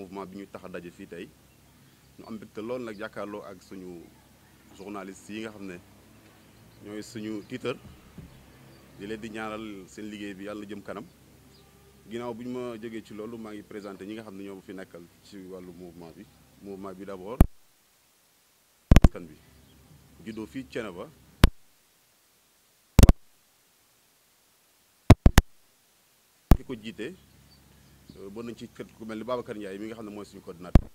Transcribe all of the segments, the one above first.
mouvement bi ñu tax a daje fii tey ñu am mbégte loolu nag jàkkaarloo ak suñu journaliste yi nga xam ne ñooy suñu titre di leen di ñaaral seen liggéey bi yàlla jëm kanam ginnaaw bu ñu ma jógee ci loolu maa ngi présenté ñi nga xam ne ñoo ma fi nekkal ci wàllu mouvement bi mouvement bi d'abord kan bi juddoo fii Thiénaba ki ko jiite Euh, bon nañ ci kër ku mel ni Babacar Ndiaye mi nga xam ne mooy suñu coordinateur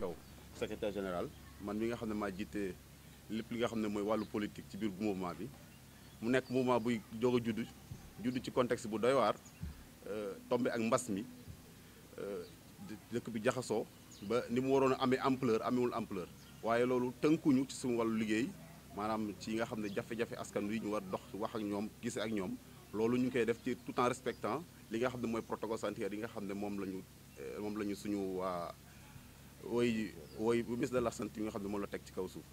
kaw secretaire général man mi nga xam ne maa jiite lépp li nga xam ne mooy wàllu politique ci biir mouvement bi mu nekk mouvement buy jóg a judd judd ci contexte bu doy waar euh, tombé ak mbas mi euh, dëkk bi jaxasoo ba ni mu waroon a amee ampleur amewul ampleur waaye loolu tënkuñu ci suma wàllu liggéey maanaam ci nga xam ne jafe-jafe askan wi ñu war dox wax ak ñoom gise ak ñoom loolu ñu koy def ci tout en respectant li nga xam ne mooy protocole sanitaire yi nga xam ne moom la ñu euh, moom la ñu suñu waa wooy wooy bu ministre de la santé yi nga xam ne moom la teg ci kaw suuf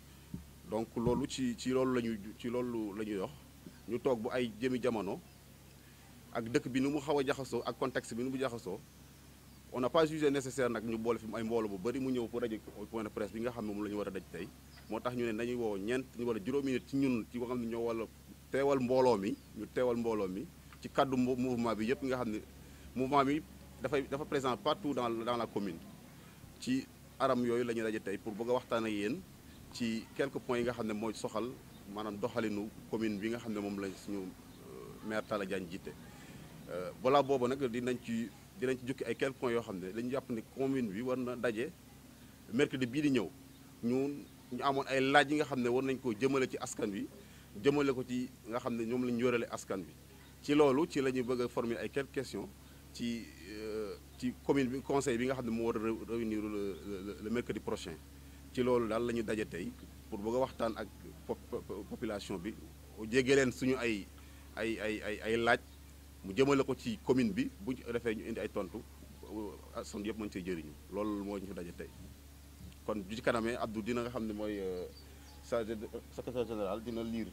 donc loolu ci ci loolu la ñu ci loolu la ñu dox ñu toog bu ay jëmi jamono ak dëkk bi ni mu xaw a jaxasoo ak contexte bi ni mu jaxasoo on n'a pas jugé nécessaire nag ñu boole fi ay mbooloo bu bëri mu ñëw pour daje point de bi nga xam ne moom la ñu war a daj tey moo tax ñu ne nañuy wow ñeent wala juróomi nit ci ñun ci nga xam ne ñoo wala teewal mbooloo mi ñu teewal mbooloo mi ci kaddu mouvement bi yëpp nga xam ne mouvement bi dafay dafa présent partout dans dans la commune ci aram yooyu la ñuy daje tey pour bëgg a waxtaan ak yéen ci quelques point yi nga xam ne mooy soxal maanaam doxalinu commune bi nga xam ne moom la suñu euh, maire Talla Diagne jiite euh, voilà boobu nag dinañ ci dinañ ci jukki ay quelques points yoo xam ne dañu jàpp commune bi war na daje mercredi bii di ñëw ñu amoon ay laaj yi nga xam ne war nañ koo jëmale ci askan wi jëmale ko ci nga xam ne ñoom la ñu yorale askan bi ci loolu ci la ñu bëgg a formuler ay quelques questions ci euh, ci commune bi conseil bi nga xam ne moo war a réunir le mercredi prochain ci loolu daal la ñu daje tey pour bëgg a waxtaan ak population bi jégee leen suñu ay ay ay ay ay laaj mu jëmale ko ci commune bi bu defee ñu indi ay tontu son yëpp mën cee jëriñu loolu moo ñu daje tey kon bu ci kanamee Abdou dina nga xam ne mooy euh, secrétaire général dina lire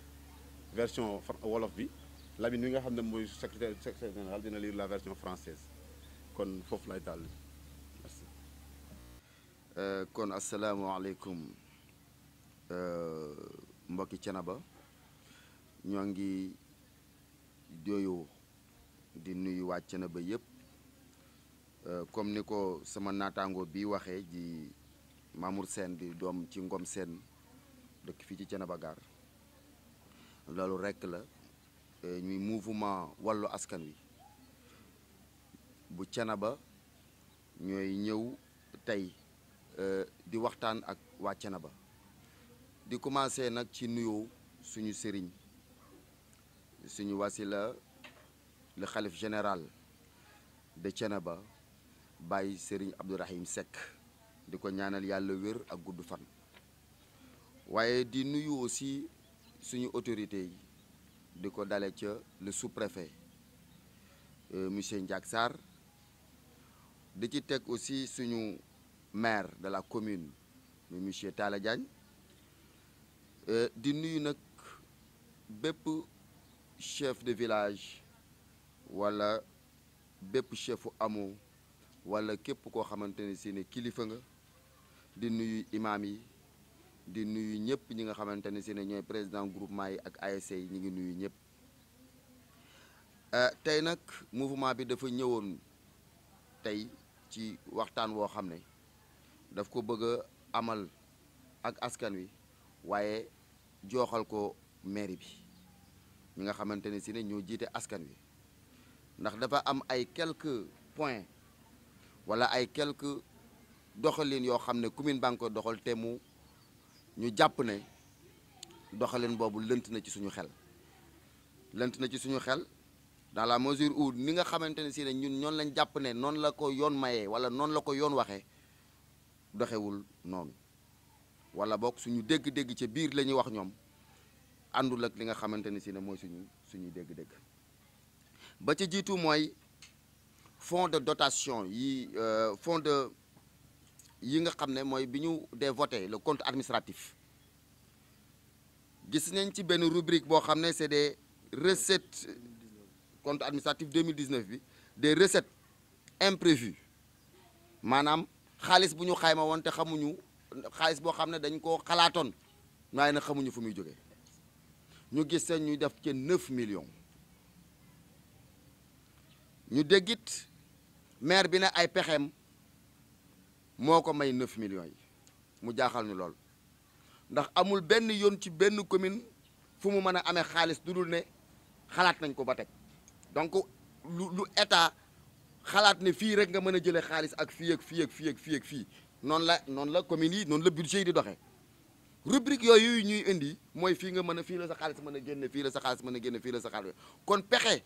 version wolof bi Lamine mi nga xam ne mooy secrétaire secrétaire général dina lire la version française kon foofu lay daal kon euh, kon asalaamaaleykum euh, mbokki Thiénaba ñoo ngi doyoo di nuyu na ba yépp comme ni ko sama naataango bi waxee ji. Mamour seen di doom ci Ngom seen dëkk fii ci Thiénaba Gare loolu rekk la eh, ñuy mouvement wàllu askan wi bu Thiénaba ñooy ñëw tey eh, di waxtaan ak waa Thiénaba di commencé nag ci nuyoo suñu sëriñ suñu wasila le xalif général de Thiénaba bàyyi sëriñ Abdourahim Seck di ko ñaanal yàlla wér ak gudd fan waaye di nuyu aussi suñu autorité yi di ko dale ca le sous-préfet euh, monsieur Ndiak Sarr di ci teg aussi suñu maire de la commune muy monsieur Talla Diagne euh, di nuyu nag bépp chef de village wala bépp chefu amo wala képp koo xamante ne si ne kilifa nga di nuyu imaam yi di nuyu ñëpp ñi nga xamante ne si ne ñooy président groupement yi ak ASC yi ñu ngi nuyu ñëpp euh, tey nag mouvement bi dafa ñëwoon tey ci waxtaan woo xam ne daf ko bëgg a amal ak askan wi waaye jooxal ko mairie bi ñi nga xamante ne si ne ñoo jiite askan wi ndax dafa am ay quelque points wala ay quelques doxalin yoo xam ne commune baa ngi koy doxal mu ñu jàpp ne doxalin boobu lënt na ci suñu xel lënt na ci suñu xel dans la mesure où ni nga xamante ne si ne ñun ñoon lañ jàpp ne noonu la ko yoon mayee wala noonu la ko yoon waxe doxewul noonu wala boog suñu dégg-dégg ci biir la ñuy wax ñoom àndul ak li nga xamante ne si ne mooy suñu suñuy dégg-dégg ba ca jiitu mooy fonds de dotation yi euh, fonds de yi nga xam ne mooy bi ñu dee voté le compte administratif gis nañ ci benn rubrique boo xam ne c'est des recettes compte administratif 2019 bi des recettes imprévues maanaam xaalis bu ñu xayma woon te xamuñu xaalis boo xam ne dañ koo xalaatoon waaye na xamuñu fu muy jógee ñu gis seen ñu def ci 9 million ñu déggit maire bi ne ay pexeem moo ko may 9 millions yi mu jaaxal nu lool ndax amul benn yoon ci benn commune fu mu mën a amee xaalis du dul ne xalaat nañ ko ba teg donc lu lu état xalaat ne fii rek nga man a jëlee xaalis ak fii ak fii ak fii ak fii ak fii noonu la noon la communes yi noonu la budget yi di doxee rubrique yooyu ñuy indi mooy fii nga mën a fii la sa xaalis mën a génne fii la sa xaalis mën a génne fii la sa xaalis kon pexe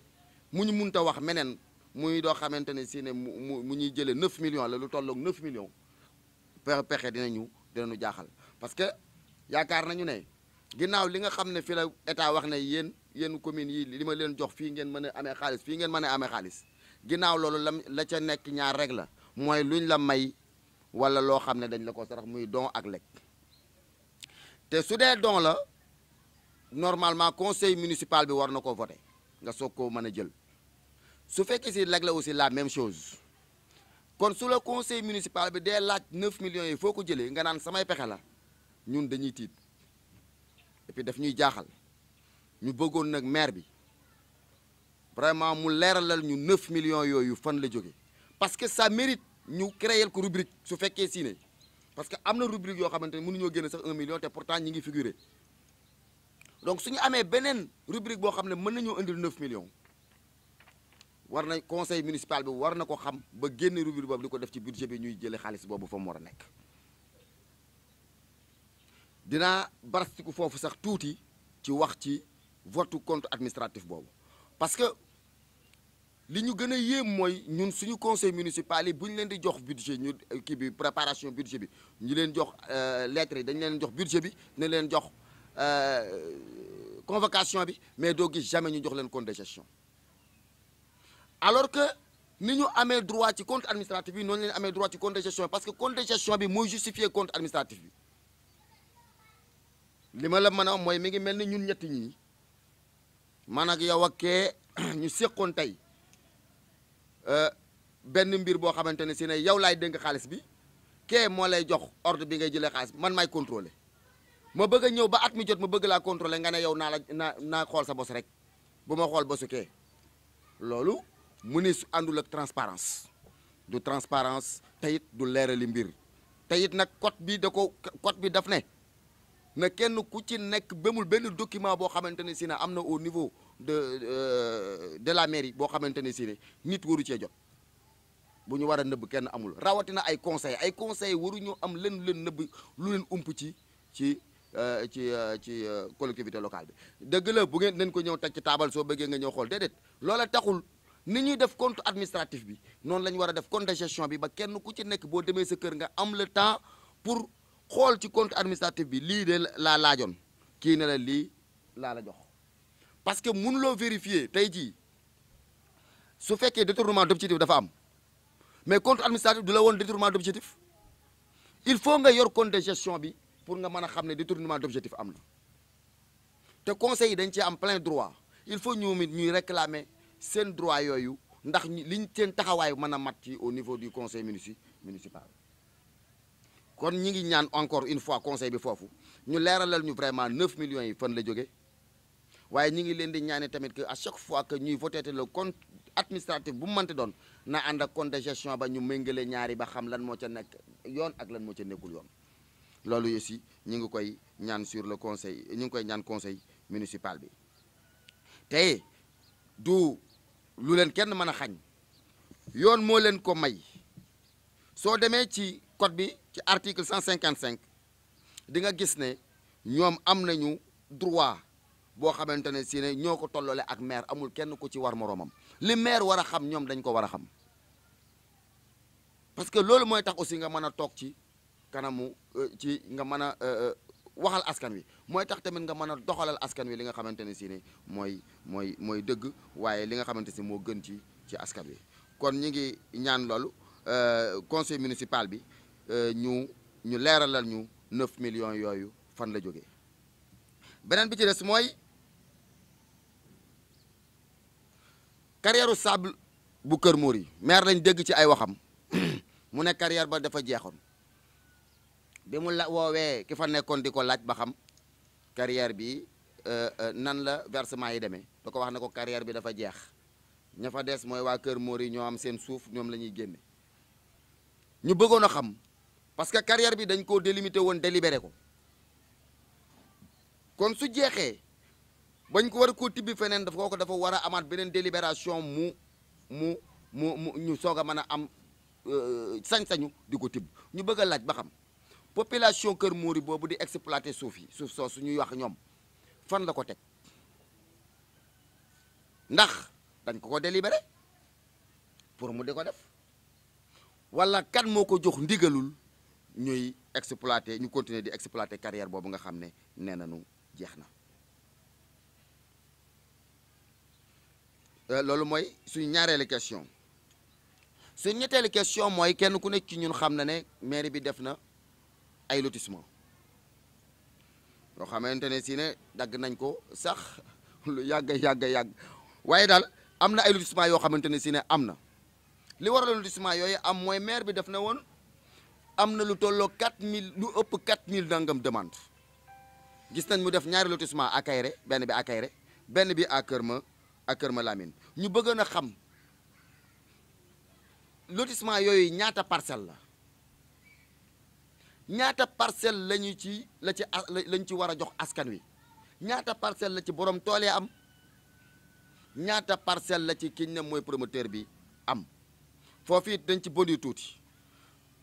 mu ñu munta wax meneen muy doo xamante ne si ne mu mu ñuy jëlee 9 millions la lu tolloog 9 millions pexe dinañu dinañu jaaxal parce que yaakaar nañu ne ginnaaw li nga xam ne fi la état wax ne yéen yéen communes yi li ma leen jox fii ngeen mën a amee xaalis fii ngeen mën a amee xaalis ginnaaw loolu la la ca nekk ñaar rek la mooy luñ la may wala loo xam ne dañ la ko sarax muy don ak lekk te su dee don la normalement conseil municipal bi war na ko voter nga soog koo mën a jël su fekkee si lekk la aussi la même chose kon su la conseil municipal bi dee laaj 9 million yi foo ko jëlee nga naan samay pexe la ñun dañuy tiit et puis daf ñuy jaaxal ñu bëggoon nag maire bi vraiment mu leeralal ñu 9 millions yooyu fan la jóge parce que sa mérite ñu créer ko rubrique su fekkee si ne parce que am na rubrique yoo xamante ne mënuñoo génn sax 1 million te pourtant ñi ngi figurer donc su ñu amee beneen rubrique boo xam ne mën nañoo indil 9 millions. war na conseil municipal bi war na ko xam ba génn rubrique boobu di ko def ci budget bi ñuy jëlee xaalis boobu fa mu war a nekk dinaa barastiku foofu sax tuuti ci wax ci vote compte administratif boobu parce que li ñu gën a yéem mooy ñun suñu conseil municipal yi bu ñu leen di jox budget ñu euh, kii bi préparation budget bi ñu leen jox euh, lettre yi dañu leen jox budget bi ne leen jox euh, convocation bi mais doo gis jamais ñu jox leen compte de gestion alors que ni ñu amee droit ci compte administratif bi noonu leen amee droit ci compte de gestion parce que compte bi mooy justifier compte administratif bi li ma la mën a mooy mi ngi mel ni ñun ñetti ñi man ak yow ak kee ñu séqoon tey euh, benn mbir boo xamante ne si ne yow laay dénk xaalis bi kee moo lay jox ordre bi ngay jëlee xaalis man maay contrôler ma bëgg a ñëw ba at mi jot ma bëgg laa contrôler nga ne yow naa la naa xool sa bos rek bu ma xool bosu kee loolu mu ne su àndul ak transparence du transparence teyit du leerali mbir teyit nag code bi da ko bi daf ne na kenn ku ci nekk bémul benn document boo xamante ne si ne am na au niveau de euh, de la mairie boo xamante ne si ne nit waru cee jot bu ñu war a nëbb kenn amul rawatina ay conseil ay conseil waru ñu am leen leen nëbb lu leen ump ci ci euh, ci euh, ci collectivité locale bi dëgg la bu ngeen nañ ko ñëw teg ci taabal soo bëggee nga ñëw xool déedéet loola taxul ni ñuy def compte administratif bi noonu la ñu war a def compte de gestion bi ba kenn ku ci nekk boo demee sa kër nga am le temps pour xool ci compte administratif bi lii de laa laajoon kii ne la lii laa la jox parce que mun loo vérifier tey jii su fekkee détournement d'objectif dafa am mais compte administratif du la woon détournement d'objectif il faut nga yor compte de gestion bi pour nga mën a xam ne détournement d'objectif am na te conseil yi dañ ci am plein droit il faut ñu ñuy réclamer seen droit yooyu ndax liñ seen taxawaay mën a mat ci au niveau du conseil munici municipal kon ñi ngi ñaan encore une fois conseil bi foofu ñu leeralal ñu vraiment 9 million yi fan la jóge waaye ñi ngi leen di ñaane tamit que à chaque fois que ñuy voté le compte administratif bu mu mënti doon na ànd ak compte de gestion ba ñu méngale ñaari ba xam lan moo ca nekk yoon ak lan moo ca nekkul yoon loolu aussi ñu ngi koy ñaan sur le conseil ñu ngi koy ñaan conseil municipal bi lu leen kenn mën a xañ yoon moo leen ko may soo demee ci code bi ci article 155 di nga gis ne ñoom am nañu droit boo xamante ne si ne ñoo ko tolloole ak maire amul kenn ku ci war moroomam li maire war a xam ñoom dañ ko war a xam parce que loolu mooy tax aussi nga mën a toog ci kanamu euh, ci nga mën a euh, euh, waxal askan wi mooy tax tamit nga mën a doxalal askan wi li nga xamante ne si ni mooy mooy mooy dëgg waaye li nga xamante si moo gën ci ci askan wi kon ñu ngi ñaan loolu euh, conseil municipal bi euh, ñu ñu leeralal ñu 9 million yooyu fan la jóge beneen bi ci des mooy carrière sable bu Kër moor yi maire lañ dëgg ci ay waxam mu ne carrière ba dafa jeexoon bi mu la woowee ki fa nekkoon di ko laaj ba xam carrière bi euh, euh, nan la versement yi demee da ko wax ne ko carrière bi dafa jeex ña fa des mooy waa Kër Mori ñoo am seen suuf ñoom la ñuy génne ñu bëggoon a xam parce que carrière bi dañ koo délimité woon délibéré ko kon su jeexee bañ ko war a koo tibbi feneen dafa ko dafa war a amaat beneen délibération mu mu mu ñu soog a mën a am euh, sañ-sañu di ko tibb ñu bëgg a laaj ba xam. population Kër Mouri boobu di exploité suuf yi suuf soosu ñuy wax ñoom fan la ko teg ndax dañ ko ko délibéré pour mu di ko def wala kan moo ko jox ndigalul ñuy exploité ñu continuer di exploité carrière boobu nga xam ne nee nañu jeex na. Euh, loolu mooy suñu ñaareelu question suñu ñetteelu question mooy kenn ku nekk ci ñun xam na ne mairie bi def na. ay lotissement yoo xamante ne si ne dagg nañ ko sax lu yàgg yàgg yàgg waaye daal am na ay lotissement yoo xamante ne si ne am na li war waral lotissement yooyu am mooy maire bi def na woon am na lu tolloo quatre mille lu ëpp quatre mille nangam demande gis nañ mu def ñaari lotissement à Kayre benn bi à Kayre benn bi à Kër Ma à Kër Ma Lamine ñu bëggoon a xam lotissement yooyu ñaata parcelle la ñaata parcelle lañu ci la ci lañ ci war a jox askan wi ñaata parcelle la ci borom tool am ñaata parcelle la ci kiñ ne mooy promoteur bi am foofu it dañ ci bëri tuuti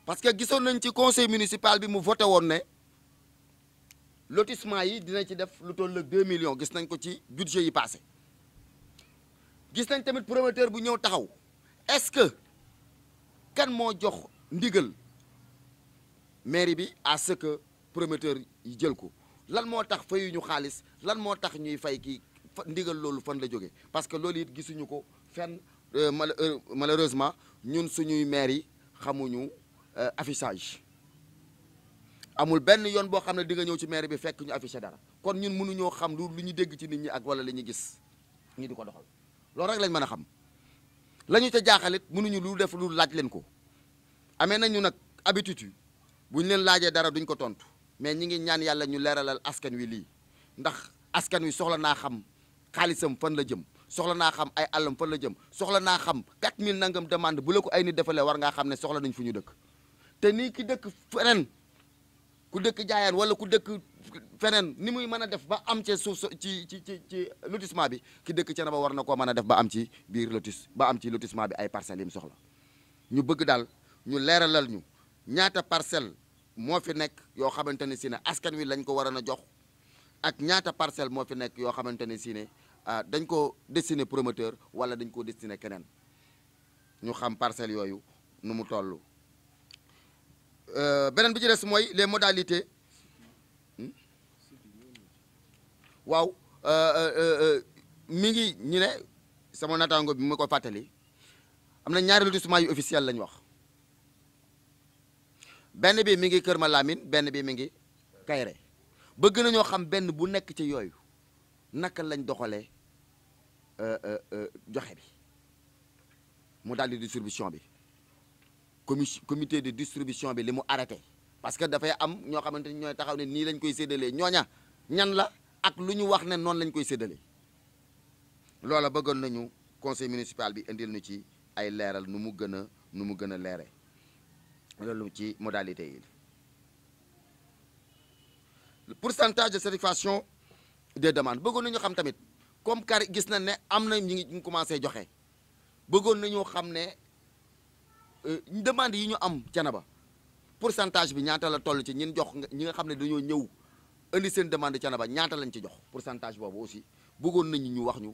parce que gisoon nañ ci conseil municipal bi mu voté woon ne lotissement yi dinañ ci def lu toll ak million gis nañ ko ci budget yi passé gis nañ tamit promoteur bu ñëw taxaw est-ce que kan moo jox ndigal mairie bi à ce que promoteur yi jël ko lan moo tax fayuñu xaalis lan moo tax ñuy fay kii ndigal loolu fan la jógee parce que loolu it gisuñu ko fenn euh, maleureusement euh, ñun suñuy maire yi xamuñu euh, affichage amul benn yoon boo xam ne di nga ñëw ci maire bi fekk ñu affiché dara kon ñun mënuñoo xam lu lu ñu dégg ci nit ñi ak wala li gis ñu di ko doxal loolu rek lañ mën a xam la ñu ca jaaxalit mënuñu lu def lu laaj leen ko amee nañu nag habitude bu ñu leen laajee dara duñ ko tontu mais ñi ngi ñaan yàlla ñu leeralal askan wi lii ndax askan wi soxla naa xam xaalisam fan la jëm soxla naa xam ay àllam fan la jëm soxla naa xam 4000 nangam demande bu la ko ay ni defalee war ngaa xam ne soxla nañ fu ñu dëkk te nii ki dëkk feneen ku dëkk jaayaan wala ku dëkk feneen ni muy mën a def ba am ci suuf ci ci ci ci lotissement bi ki dëkk ca ba war na koo mën a def ba am ci biir lotis ba am ci lotissement bi ay parcelles yi mu soxla ñu bëgg daal ñu leeralal ñu ñaata parcelle moo fi nekk yoo xamante ne si ne askan wi lañ ko waroon a jox ak ñaata parcelle moo fi nekk yoo xamante ne si ne ah, dañ ko destiné promoteur wala dañ ko destine keneen ñu xam parcelles yooyu nu mu toll euh, beneen bi ci des mooy les modalités hmm? waaw euh, euh, mi ngi ñu ne sama nataango bi mu ko fàttali am na ñaari lotissement yu officiel lañ wax benn bi mi ngi Kër Malamine benn bi mi ngi Kayre bëgg na ñoo xam benn bu nekk ci yooyu naka lañ doxalee euh, euh, euh, joxe bi mu daal di distribution bi comi comité de distribution bi li mu arrêté parce que dafay am ñoo xamante ni ñooy taxaw ne nii lañ koy séddalee ñooña ñan la ak lu ñu wax ne noonu lañ koy séddale loola bëggoon nañu conseil municipal bi indil nu ci ay leeral nu mu gën a nu mu gën a leere loolu ci modalité yi le pourcentage de satisfaction des demandes bëggoon nañu xam tamit comme car gis nañ am na ñu ngi ñu commencé joxe bëggoon nañu xam ne euh, demande yi ñu am Thiénaba pourcentage bi ñaata la toll ci ñin jox ñi nga xam ne dañoo ñëw indi seen demande Thiénaba ñaata lañ ci jox pourcentage boobu aussi bëggoon nañu ñu wax ñu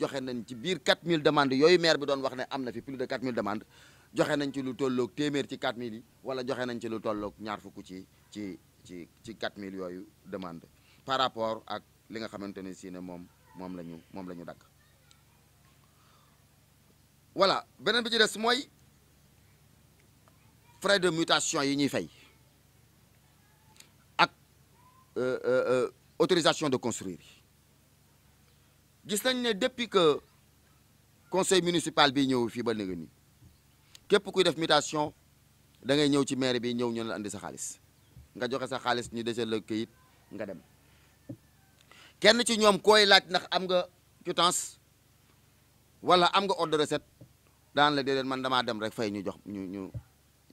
joxe nañ ci biir 4000 demandes yooyu maire bi doon wax ne am na fi plus de 4000 demandes joxe nañ ci lu tolloog téeméer ci 4000 yi wala joxe nañ ci lu tollook ñaar fukk ci ci ci ci 4000 yooyu demande par rapport ak li nga xamante ne si ne moom moom la ñu moom la ñu dagg voilà beneen bi ci des mooy frais de mutation yi ñuy fay ak euh, euh, euh, autorisation de construire yi gis nañ ne depuis que conseil municipal bi ñëw fii ba léegi nii képp kuy def mutation dangay ñëw ci maire bi ñëw ñu ne la andi sa xaalis nga joxe sa xaalis ñu desal la këyit nga dem kenn ci ñoom koy laaj ndax am nga quittance wala am nga ordre de recette daan la déedéet man damaa dem rek fay ñu jox ñu ñu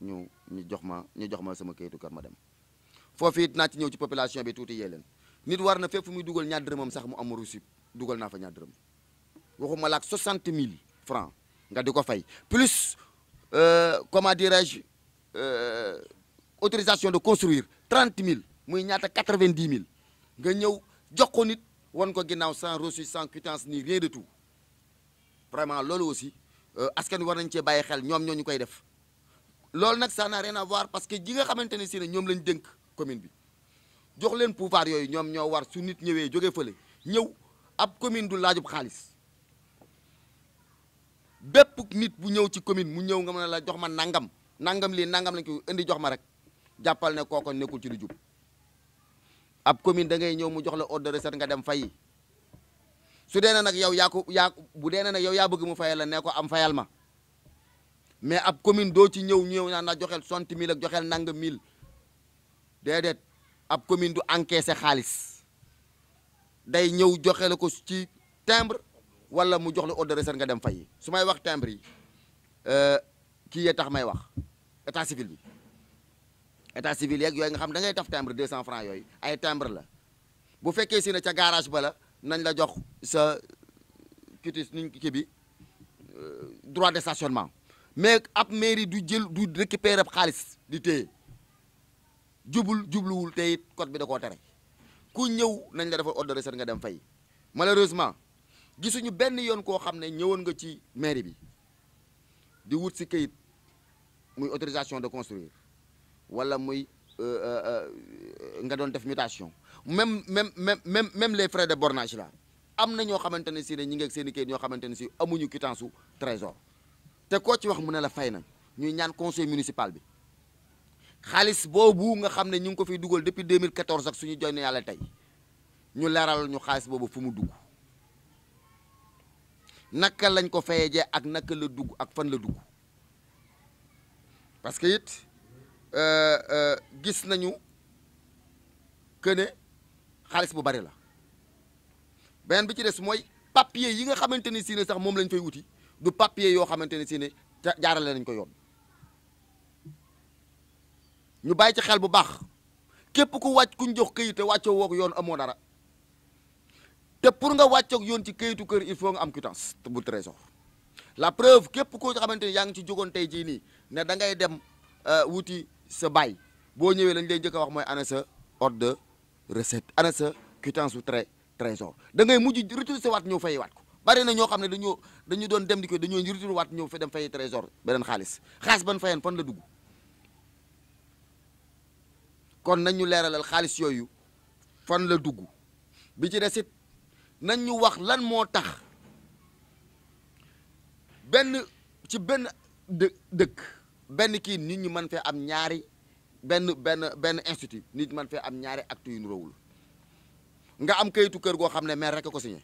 ñu ñu jox ma ñu jox ma sama këyitu kar ma dem foofu it naa ci ñëw ci population bi tuuti yee leen nit war na fépp fu muy dugal ñaar dërëmam sax mu am reçu dugal naa fa ñaar dërëm waxuma laak soixante mille francs nga di ko fay plus euh, comment dirais-je euh, autorisation de construire trente mille muy ñaata quatre vingt dix mille nga ñëw jox ko nit wan ko ginnaaw sans reçu sans quittance ni rien de tout vraiment loolu aussi euh, askan war nañ cee bàyyi xel ñoom ñoo ñu koy def loolu nag ça n'a rien parce que ji nga xamante ne si ne ñoom lañ dënk commune bi jox leen pouvoir yooyu ñoom ñoo war su nit ñëwee jóge fële ñëw ab commune du laajub xaalis. bépp nit bu ñëw ci commune mu ñëw nga mën a la jox ma nangam nangam lii nangam lañ ko indi jox ma rek jàppal ne kooko nekkul ci lu jub ab commune da ngay ñëw mu jox la ordre de nga dem fayi su dee ne nag yow yaa ko yaa bu dee ne nag yow yaa bëgg mu fayal ne ko am fayal ma mais ab commune doo ci ñëw ñëw naan na joxeel cent mille ak joxeel nangam mille déedéet ab commune du encaisser xaalis day ñëw joxe ko ci timbre. wala mu jox la ordre de nga dem fay su may wax timbre yi euh, kii yee tax may wax état civil bi état civil yooyu nga xam da ngay taf timbre 200 francs yooyu ay timbre la bu fekkee si ne ca garage bala nañ la jox sa cutis nuñ kii bi euh, droit de stationnement mais ab mairie du jël du récupérer ab xaalis di téye jubul jubluwul te it code bi da koo tere ku ñëw nañ la defal ordre de nga dem fay malheureusement. gisuñu benn yoon koo xam ne ñëwoon nga ci mairie bi di wut si kayit muy autorisation de construire wala muy euh, euh, euh, nga doon def mutation même même même même même les frais de bornage là am na ñoo xamante ne si ne ñi ngeeg seen i kayit ñoo xamante ne si amuñu quittance su te koo ci wax mu ne la fay na ñuy ñaan conseil municipal bi xaalis boobu nga xam ne ñu ngi ko fiy dugal depuis 2014 ak suñu joy na yàlla tey ñu leeral ñu xaalis boobu fu mu dugg naka lañ ko fayee jee ak naka la dugg ak fan la dugg parce que it euh, euh, gis nañu que ne xaalis bu bari la beneen bi ci des mooy papier yi nga xamante ni si sax moom lañ fay wuti du papier yoo xamante ne si ne jaarale nañ ko yoon ñu bàyyi ci xel bu baax képp ku wàcc kuñ jox këyit te wàccoo woog yoon amoo dara. te pour nga wàccoog yoon ci kayitu kër il faut nga am quittance bu trésor la preuve képp koo xamante ni yaa ngi ci jógoon tey jii nii ne da ngay dem euh, wuti sa baay boo ñëwee lañ lay njëkk wax mooy ana sa ordre de recette ana sa quittance bu tré trésor da ngay mujj retourné waat ñëw fay waat ko bari na ñoo xam ne dañoo dañu doon dem di ko dañoo retourné waat ñëw fa dem fay trésor beneen xaalis xaalis ban fayeen fan la dugg kon nañu leeralal xaalis yooyu fan la dugg nañ ñu wax lan moo tax benn ci benn dë dëkk benn kii nit ñi mën fee am ñaari benn benn benn institut nit mën fee am ñaari acte yu rowul nga am kayitu kër goo xam ne maire rek ko signé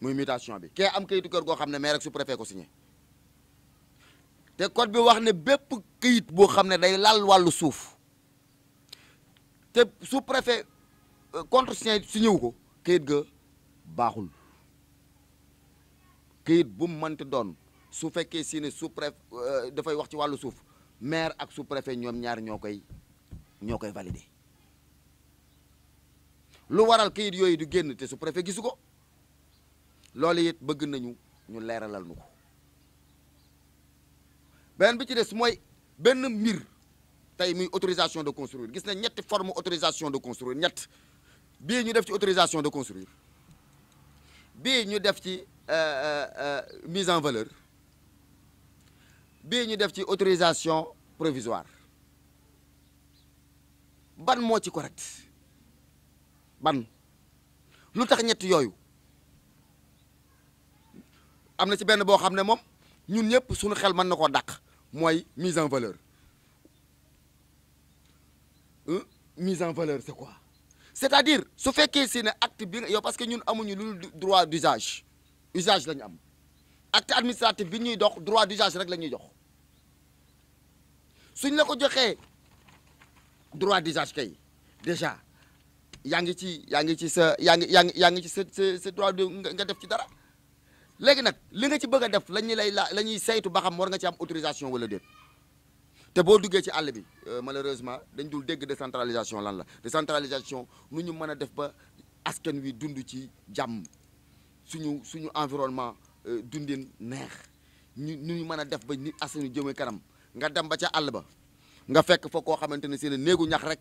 muy mitation bi kee am kayitu kër goo xam ne maire rek sous-préfet ko signé te code bi wax ne bépp kayit boo xam ne day lal wàllu suuf te sous-préfet euh, contresigné signé wu ko këyit ga baaxul këyit bu mu mënti doon su fekkee si ne sous euh, dafay wax ci wàllu suuf maire ak sous préfet ñoom ñaar ñoo koy ñoo koy validé lu waral këyit yooyu du génn te sous préfet gisu ko loolu it bëgg nañu ñu leeralal nu ko beneen bi ci des mooy benn mbir tey muy autorisation de construire gis na ñetti forme autorisation de construire ñett bii ñu def ci autorisation de construire bii ñu def ci euh, euh, euh, mise en valeur bii ñu def ci autorisation provisoire ban moo ci correct ban lu tax ñetti yooyu am na ci benn boo xam ne moom ñun ñëpp suñu xel mën na ko dàq mooy mise en valeur mise en valeur c'est quoi c'est-à-dire su fekkee si ne acte bi yow parce que ñun amuñu lu droit d'usage usage lañu am acte administratif bi ñuy dox droit d'usage rek la ñuy jox suñ la ko joxee droit d'usage kay déjà yaa ngi ci yaa ngi ci sa yaa ngi yaa ngi yaa ngi ci sa sa droit de nga def ci dara léegi nag li nga ci bëgg a def lañu lay la la ñuy saytu ba xam war nga ci am autorisation wala déet te boo duggee ci àll bi euh, malheureusement dañ dul dégg de décentralisation lan la décentralisation nu ñu mën a def ba askan wi dund ci jàmm suñu suñu environnement euh, dundin neex ñu nu ñu mën a def ba nit askan wi jëmee kanam nga dem ba ca àll ba nga fekk fa koo xamante ne seen néegu ñax rek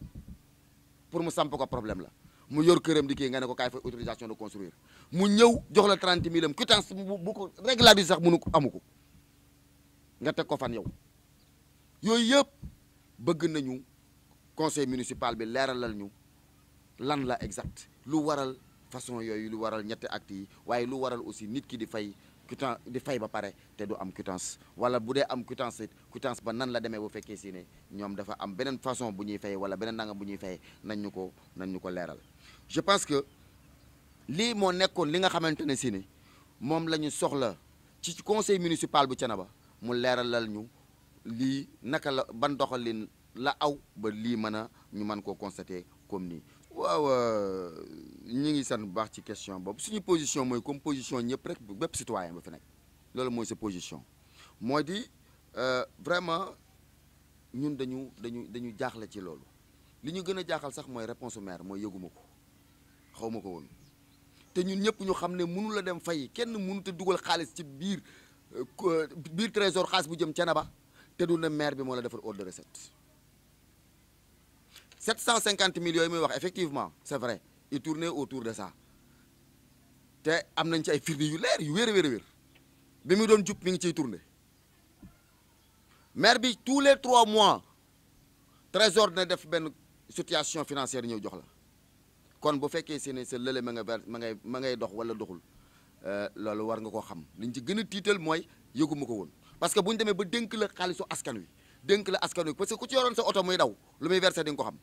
pour mu samp ko problème la mu yor këram di kii nga ne ko kaay fa autorisation de construire mu ñëw jox la trente mille am quittance bu ko réglage bi sax mënu ko amu ko nga teg ko fan yow yooyu yëpp bëgg nañu conseil municipal bi leeralal ñu lan la exact lu waral façon yooyu lu waral ñetti actes yi waaye lu waral aussi nit ki di fay quittance di fay ba pare te du am quittance wala bu dee am quittance it quittance ba nan la demee bu fekkee si ne ñoom dafa am beneen façon bu ñuy fay wala beneen nangam bu ñuy fay nañ ñu ko nañ ñu ko leeral je pense que lii moo nekkoon li nga xamante ne si ne moom la ñu soxla ci conseil municipal bu Thiénaba mu leeralal ñu lii naka la ban doxalin la aw ba lii mën a ñu mën koo constater comme nii waaw euh, ñu ngi sant bu baax ci question boobu suñu position mooy comme position ñëpp rek bépp citoyen ba fi nekk loolu mooy sa position mooy di euh, vraiment ñun dañu dañu dañu jaaxle ci loolu li ñu gën a jaaxal sax mooy réponse maire mooy yëguma ko xaw ma ko woon te ñun ñëpp ñu xam ne mënu la dem fay kenn mënut te dugal xaalis ci biir euh, biir trésor xaalis bu jëm Thiénaba te du na maire bi moo la defar ordre de cent 750 millions yi muy wax effectivement c'est vrai il tournait autour de ça te am nañ ci ay firnde yu leer yu wér wér a bi mu doon jub mi ngi ciy tourné maire bi tous les trois mois trésor dina def benn situation financière ñëw jox la kon bu fekkee si ne sa lële ma nga ma ngay ma ngay dox wala doxul euh, loolu war nga ko xam liñ ci gën a tiital mooy yëguma ko woon parce que bu ñu demee ba dénk la xaalisu askan wi dénk la askan wi parce que ku ci yoroon sa oto muy daw lu muy versé di nga ko xam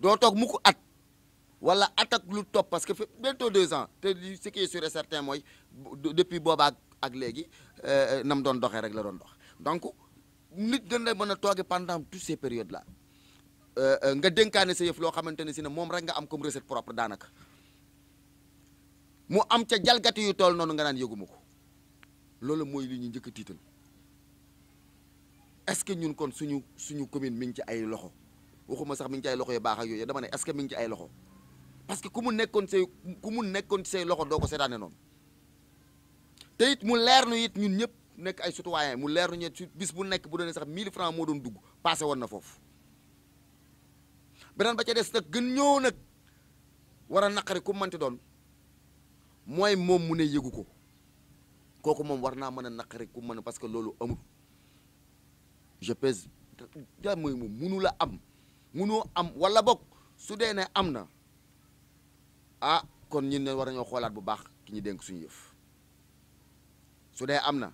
doo toog mukk at wala at ak lu topp parce que fait bientôt deux ans te ce qui est sûr et mooy depuis boobaa ak léegi euh, euh, nam doon doxee rek la doon dox donc nit dañ lay mën a toogee pendant toutes ces périodes là euh, nga dénkaane sa yëf loo xamante ne si ne moom rek nga am comme recette propre daanaka mu am ca jalgati yu tool noonu nga naan yëguma ko loolu mooy li ñu njëkk a tiital est-ce que ñun kon suñu suñu commune mi ngi ci ay loxo waxuma sax mi ngi ci ay loxo yu baax ak yooyu dama ne est-ce que ngi ci ay loxo parce que ku mu nekkoon say ku mu nekkoon say loxo doo ko seetaane noonu te it mu leer nu it ñun ñëpp nekk ay citoyen mu leer nu ñu bis bu nekk bu doon sax 1000 francs moo doon dugg passé woon na foofu beneen ba ca des nag gën ñëw nag war a naqari ku mu mënti doon mooy moom mu ne yëgu ko. kooku moom war naa mën a naqari ku mën parce que loolu amul je pèse da mooy moom munu la am munoo am wala bokk su dee ne am na ah kon ñun war nañoo xoolaat bu baax ki ñu dénk suñu su dee am na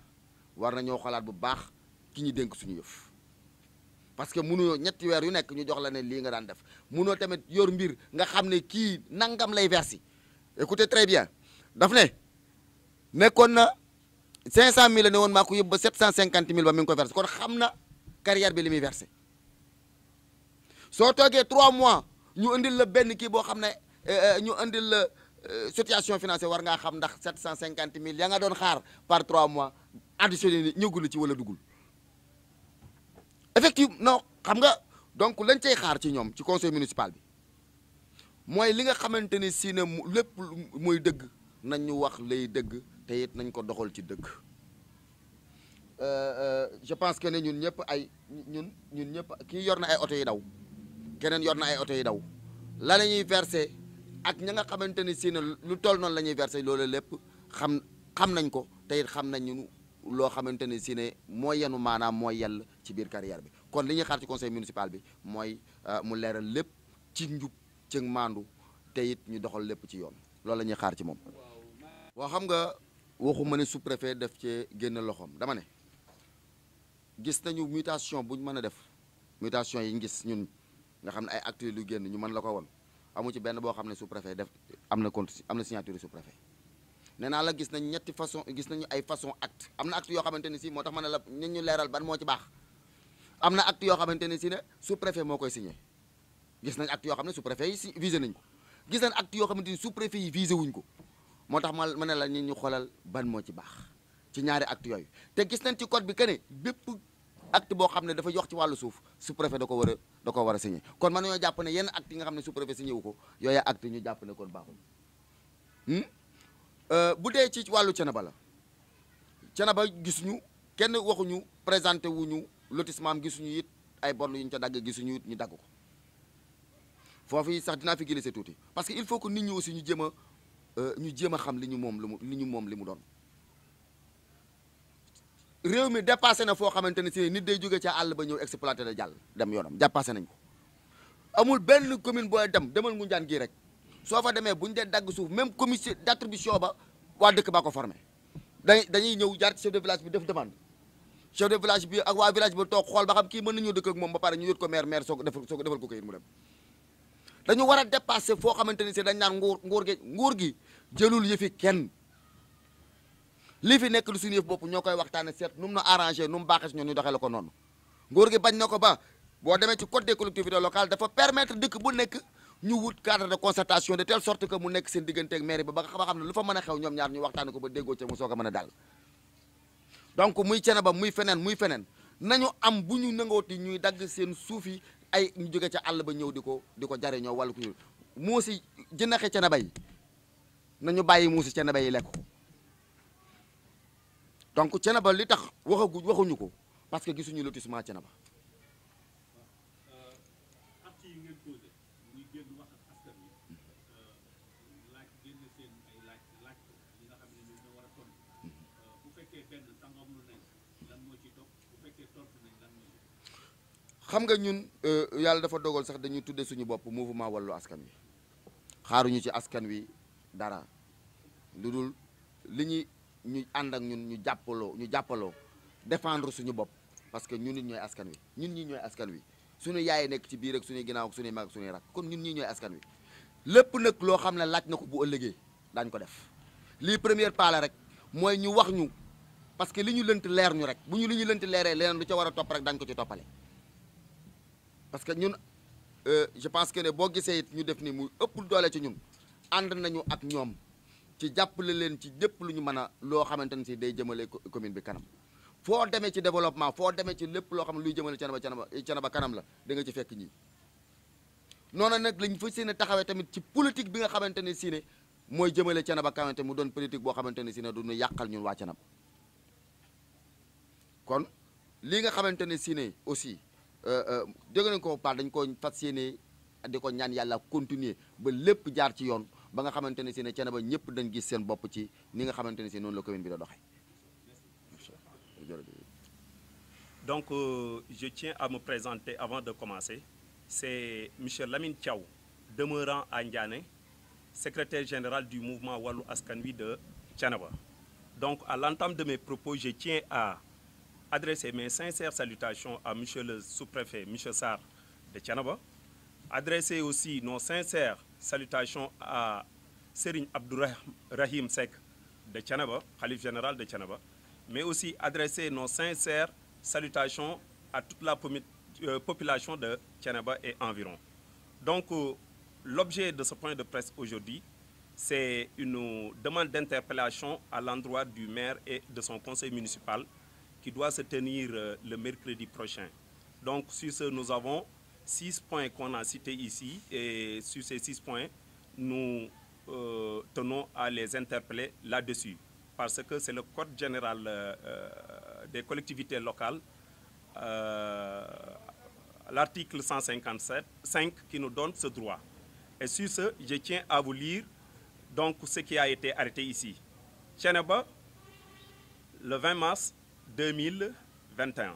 war nañoo xoolaat bu baax ki ñu denk suñu yëf parce que munoo ñetti weer yu nekk ñu jox la ne lii nga daan def munoo tamit yor mbir nga xam ne kii nangam lay versi écoutez très bien daf ne nekkoon na 500 mille la ne woon maa ko yóbbu ba 750 mille ba mi ngi ko versé kon xam na carrière bi li muy versé soo toogee 3 mois ñu indil la benn kii boo xam ne euh, euh, ñu indil la euh, situation financière war ngaa xam ndax 750 mille ya nga doon xaar par 3 mois additionné ni ñëwul ci wala dugul effectivement non xam nga donc lañ cay xaar ci ñoom ci conseil municipal bi mooy li nga xamante ni si ne lépp muy dëgg nañ ñu wax lay dëgg. te it nañ ko doxal ci dëgg euh, euh, je pense que ne ñun ñëpp ay ñun ñun ñëpp kii yor na ay oto yi daw keneen yor ay oto yi daw la la ñuy ak ña nga xamante ne si ne lu toll noonu la ñuy versé loolu lépp xam xam nañ ko te xam nañ ñun loo xamante ne si ne mooy yenu maanaam mooy yàlla ci biir carrière bi kon li ñuy xaar ci conseil municipal bi mooy euh, mu leeral lépp ci njub ci maandu te it ñu doxal lépp ci yoon loolu la ñuy xaar ci moom. waaw xam nga. waxuma ne sous-préfet def cee génn loxoom dama ne gis nañu mutation bu ñu mën a def mutation yi gis ñun nga xam ne ay actes lu génn ñu mën la ko woon amu ci benn boo xam ne sous-préfet def am na compte am na signature sous-préfet nee naa la gis nañ ñetti façon gis nañu ay façon acte am na acte yoo xamante ne si moo tax ma ne la nit ñu leeral ban moo ci baax am na acte yoo xamante ne si ne sous-préfet moo koy signé gis nañ acte yoo xam ne sous-préfet yi si visé nañ ko gis nañ yoo xamante ni sous-préfet yi visé wuñ ko moo tax ma ma ne la nit ñu xoolal ban moo ci baax ci ñaari acte yooyu te gis nañ ci code bi que ne bépp acte boo xam ne dafa yox ci wàllu suuf sous-préfet da ko war a da ko war a signé kon mën nañoo jàpp ne yenn acte yi nga xam ne sous-préfet signé wu ko yooyu acte ñu jàpp ne kon baaxul hmm? euh, bu dee ci wàllu Thiénaba la Thiénaba gisuñu kenn waxuñu présenté wuñu lotissement gisuñu it ay borne yu ñu ca dagg gisuñu it ñu dagg ko foofu sax dinaa fi glissé tuuti parce que il faut que nit ñu aussi ñu jéem a Euh, ñu jéem a xam li ñu moom lu mu li ñu moom li mu doon réew mi dépassé na foo xamante ne si nit day jóge ca àll ba ñëw exploité la jàll dem yoonam jàppassé nañ ko amul benn commune booy dem demal Ngoundiane gii rek soo fa demee bu ñu dee dagg suuf même comité d'attribution ba waa dëkk baa ko formé dañuy ñëw jaar chef de village bi def demande chef de village bi ak waa village bi toog xool ba xam kii mën nañoo dëkk ak moom ba pare ñu yót ko maire maire soo ko defal ko defal mu dem dañu war a dépasser foo xamante ni si dañ naan nguur nguur gi nguur gi jëlul yëfi kenn li fi nekk lu suñu yëf bopp ñoo koy waxtaane seet nu mu na arrangé nu mu baaxee si ñoom ñu doxee ko noonu nguur gi bañ na ko ba boo demee ci code des collectivités locales dafa permetre dëkk bu nekk ñu wut cadre de concertation de telle sorte que mu nekk seen diggante ak mairie ba ba xam ne lu fa mën a xew ñoom ñaar ñu waxtaane ko ba déggoo ca mu soog a mën a donc muy cene ba muy feneen muy feneen nañu am bu ñu nangooti ñuy dagg seen suuf yi ay ñu jóge ca àll ba ñëw di ko di ko jariñoo wala ku ñu muusi jënaxe ca na bay nañu bàyyi muusi ca na bay lekk ko donc ca ba li tax waxagu waxuñu ko parce que gisuñu lotissement ca na xam nga ñun euh, yàlla dafa dogal sax dañuy tudde suñu bopp mouvement wàllu askan wi xaaruñu ci askan wi dara lu dul li ñuy ñu ànd ak ñun ñu jàppaloo ñu jàppaloo défendre suñu bopp parce que ñun nit ñooy askan wi ñun ñi ñooy askan wi suñu yaay nekk ci biir ak suñuy ginnaaw ak suñuy mag ak suñu rak kon ñun ñii ñooy askan wi lépp nag loo xam ne laaj na ko bu ëllëgee daañ ko def lii première pas la rek mooy ñu wax ñu parce que li ñu lënt leer ñu rek bu ñu li ñu lënt leeree leneen lu ca war a topp rek dañ ko ci toppale parce que ñun euh, je pense que ne boo gisee it ñu def nii mu ëpp doole ci ñun ànd nañu ak ñoom ci jàppale leen ci lépp lu ñu mën a loo xamante ne si day jëmale commune bi kanam foo demee ci développement foo demee ci lépp loo xam ne luy jëmale Thiénaba Thiénaba Thiénaba kanam la danga ci fekk ñii noonu nag lañ fa seen taxawee tamit ci politique bi nga xamante ne si ne mooy jëmale Thiénaba kanam te mu doon politique boo xamante ne si ne du ñu yàqal ñun waa Thiénaba kon lii nga xamante ne si ne aussi jóge euh, euh, nañ ko paa dañ ko fas yéene di ko ñaan yàlla continuer ba lépp jaar ci yoon ba nga xamante ne si ne Thiénaba ñëpp dañ gis seen bopp ci ni nga xamante ne noonu la commune bi da doxee donc euh, je tiens à me présenter avant de commencer c'est monsieur Lamine Thiaw demeurant à Ndiané secrétaire général du mouvement Wallu Askan Wi de Thiénaba donc à l'entame de mes propos je tiens à adresser mes sincères salutations à M. le sous-préfet, M. Sarr de Tianaba. Adresser aussi nos sincères salutations à Serigne Abdourahim Sek de Tianaba, Khalif général de Tianaba, mais aussi adresser nos sincères salutations à toute la euh, population de Tianaba et environ. Donc, euh, l'objet de ce point de presse aujourd'hui, c'est une demande d'interpellation à l'endroit du maire et de son conseil municipal qui doit se tenir euh, le mercredi prochain. Donc, sur ce, nous avons six points qu'on a cités ici. Et sur ces six points, nous euh, tenons à les interpeller là-dessus. Parce que c'est le Code général euh, euh des collectivités locales, euh, l'article 157, 5, qui nous donne ce droit. Et sur ce, je tiens à vous donc, ce arrêté ici. Tchéneba, le 2021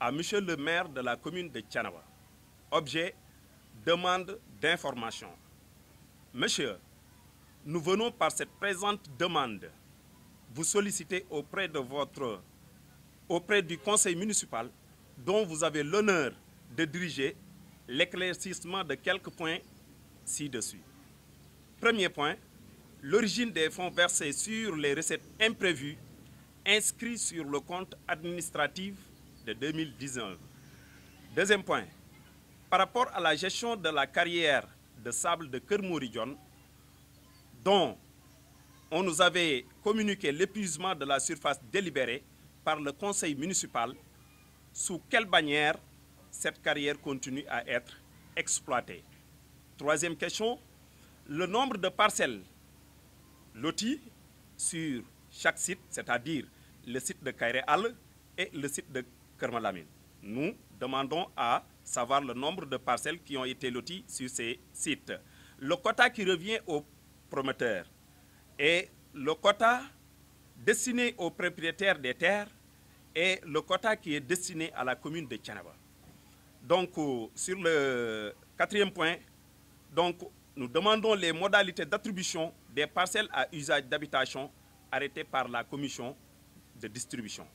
à monsieur le maire de la commune de Thiénaba objet demande d'information monsieur nous venons par cette présente demande vous solliciter auprès de votre auprès du conseil municipal dont vous avez l'honneur de diriger l'éclaircissement de quelques points ci-dessus. Premier point, l'origine des fonds versés sur les recettes imprévues inscrits sur le compte administratif de 2019. Deuxième point, par rapport à la gestion de la carrière de sable de Kermouridion, dont on nous avait communiqué l'épuisement de la surface délibérée par le conseil municipal, sous quelle bannière cette carrière continue à être exploitée Troisième question, le nombre de parcelles loties sur chaque site, c'est-à-dire le site de Kairé Al et le site de Kermalamine. Nous demandons à savoir le nombre de parcelles qui ont été loties sur ces sites. Le quota qui revient au promoteurs et le quota destiné au propriétaires des terres et le quota qui est destiné à la commune de Tchanaba. Donc, euh, sur le quatrième point, donc, nous demandons les modalités d'attribution des parcelles à usage d'habitation arrêté par la commission de distribution.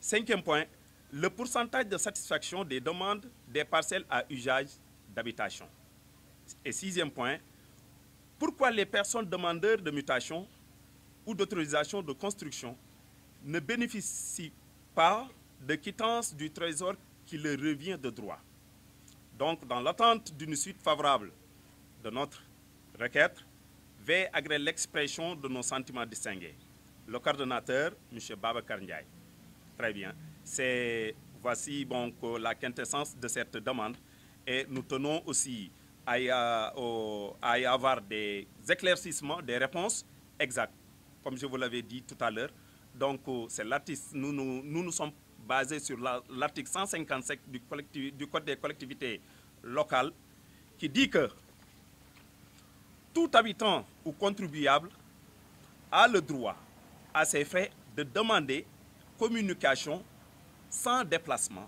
Cinquième point, le pourcentage de satisfaction des demandes des parcelles à usage d'habitation. Et sixième point, pourquoi les personnes demandeurs de mutation ou d'autorisation de construction ne bénéficient pas de quittance du trésor qui leur revient de droit. Donc, dans l'attente d'une suite favorable de notre requête, vais agréer l'expression de nos sentiments distingués. Le coordonnateur, M. Babacar Ndiaye. Très bien. C'est, voici donc, euh, la quintessence de cette demande. Et nous tenons aussi à à y avoir des éclaircissements, des réponses exactes, comme je vous l'avais dit tout à Donc, euh, c'est l'artiste. Nous, nous nous, nous sur la, 157 du, collectif, du Code des collectivités locales tout habitant ou contribuable a le droit à ses frais de demander communication sans déplacement,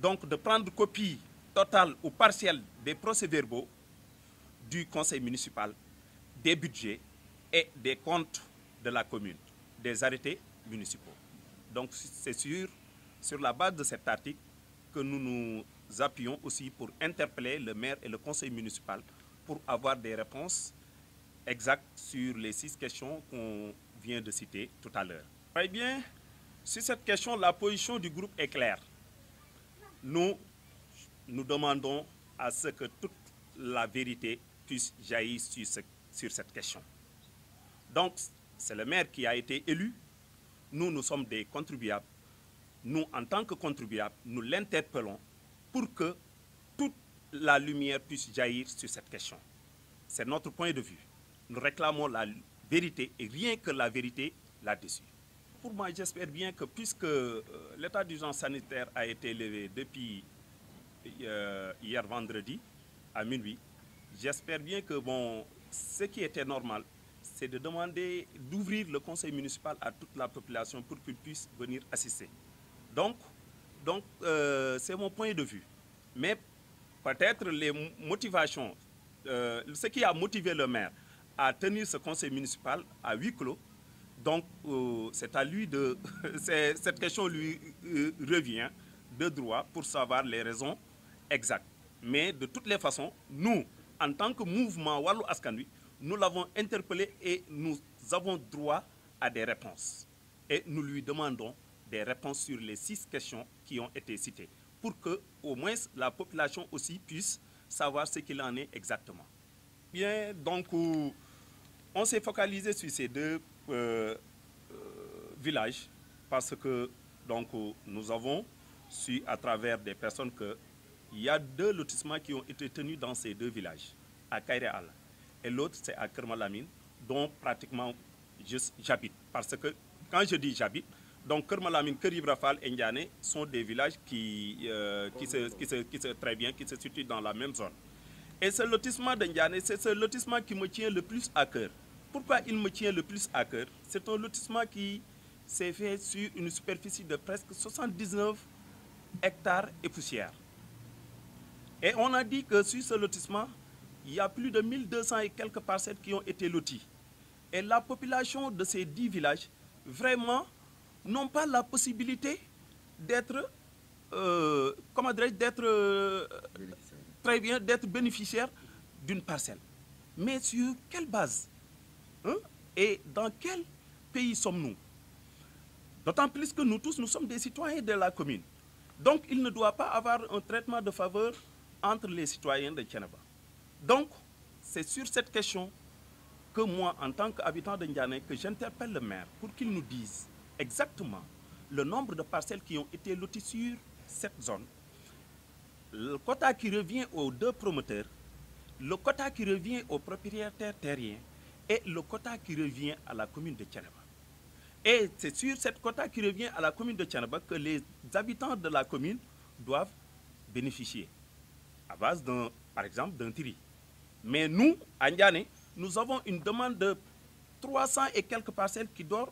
donc de prendre copie totale ou partielle des procès-verbaux du conseil municipal, des budgets et des comptes de la commune, des arrêtés municipaux. Donc c'est sûr, sur la base de cet article, que nous nous appuyons aussi pour interpeller le maire et le conseil municipal pour avoir des réponses exactes sur les six questions qu'on vient de citer tout à l'heure. bien, sur cette question, la position du groupe est claire. Nous, nous demandons à ce que toute la vérité puisse jaillir sur, sur cette question. Donc, c'est le maire qui a été élu. Nous, nous sommes des contribuables. Nous, en tant que contribuables, nous l'interpellons pour que la lumière puisse jaillir sur cette question. C'est notre point de vue. Nous réclamons la vérité et rien que la vérité là-dessus. Pour moi, j'espère bien que puisque euh, l'état d'urgence sanitaire a été levé depuis euh, hier vendredi à minuit, j'espère bien que bon, ce qui était normal, c'est de demander d'ouvrir le conseil municipal à toute la population pour qu'ils puissent venir assister. Donc, donc euh, c'est mon point de vue. Mais peut-être les motivations, euh, ce qui a motivé le maire à tenir ce conseil municipal à huis clos. Donc, euh, c'est à lui de... cette question lui euh, revient de droit pour savoir les raisons exactes. Mais de toutes les façons, nous, en tant que mouvement Wallou Askanui, nous l'avons interpellé et nous avons droit à des réponses. Et nous lui demandons des réponses sur les six questions qui ont été citées. pour que au moins la population aussi puisse savoir ce qu'il en est exactement. Bien, donc on s'est focalisé sur ces deux euh, euh, villages parce que donc nous avons su à travers des personnes que il y a deux lotissements qui ont été tenus dans ces deux villages, à Kairéal et l'autre c'est à Kermalamine, dont pratiquement juste j'habite. Parce que quand je dis j'habite, Donc Kermalamine, Keribra et Ndiané sont des villages qui, euh, qui, se, qui, se, bien, qui se situent dans la même zone. Et ce lotissement d'Indiané, c'est ce lotissement qui me tient le plus à cœur. Pourquoi il me tient le plus à cœur C'est un lotissement qui s'est fait sur une superficie de presque 79 hectares et poussières. Et on a dit que sur ce lotissement, il y de 1200 et quelques parcelles qui ont été loties. Et la population de ces dix villages, vraiment, n'ont pas la possibilité d'être euh, comment dirais-je d'être euh, très bien d'être bénéficiaire d'une parcelle mais sur quelle base hein? et dans quel pays sommes-nous d'autant plus que nous tous nous sommes des citoyens de la commune donc il ne doit pas avoir un traitement de faveur entre les citoyens de Thiénaba donc c'est sur cette question que moi en tant qu'habitant de Ndiané que j'interpelle le maire pour qu'il nous dise exactement le nombre de parcelles qui ont été loties sur cette zone, le quota qui revient aux deux promoteurs, le quota qui revient aux propriétaires terriens et le quota qui revient à la commune de Tchanaba. Et c'est sur cette quota qui revient à la commune de Tchanaba que les habitants de la commune doivent bénéficier, à base, d'un, par exemple, d'un tri. Mais nous, à Ndiané, nous avons une demande de 300 et quelques parcelles qui dorment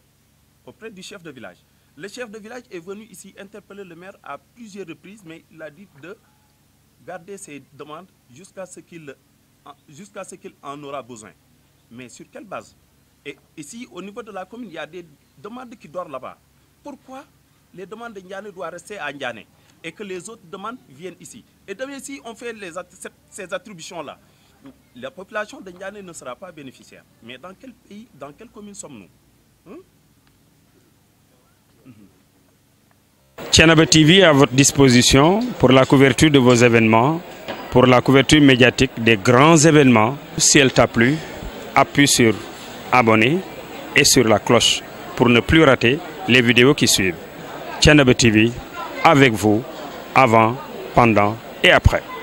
auprès du chef de village. Le chef de village est venu ici interpeller le maire à plusieurs reprises, mais il a dit de garder ses demandes jusqu'à ce qu'il jusqu'à ce qu'il en aura besoin. Mais sur quelle base Et ici, au niveau de la commune, y a des demandes qui dorment là-bas. Pourquoi les demandes de Ndiané doivent rester à Ndiané et que les autres demandes viennent ici Et demain, si on fait les att ces attributions-là, la population de Ndiané ne sera pas bénéficiaire. Mais dans quel pays, dans commune sommes hmm? Thiénaba TV est à votre disposition pour la couverture de vos événements, pour la couverture médiatique des grands événements. Si elle t'a plu, appuie sur abonner et sur la cloche pour ne plus rater les vidéos qui suivent. Thiénaba TV, avec vous, avant, pendant et après.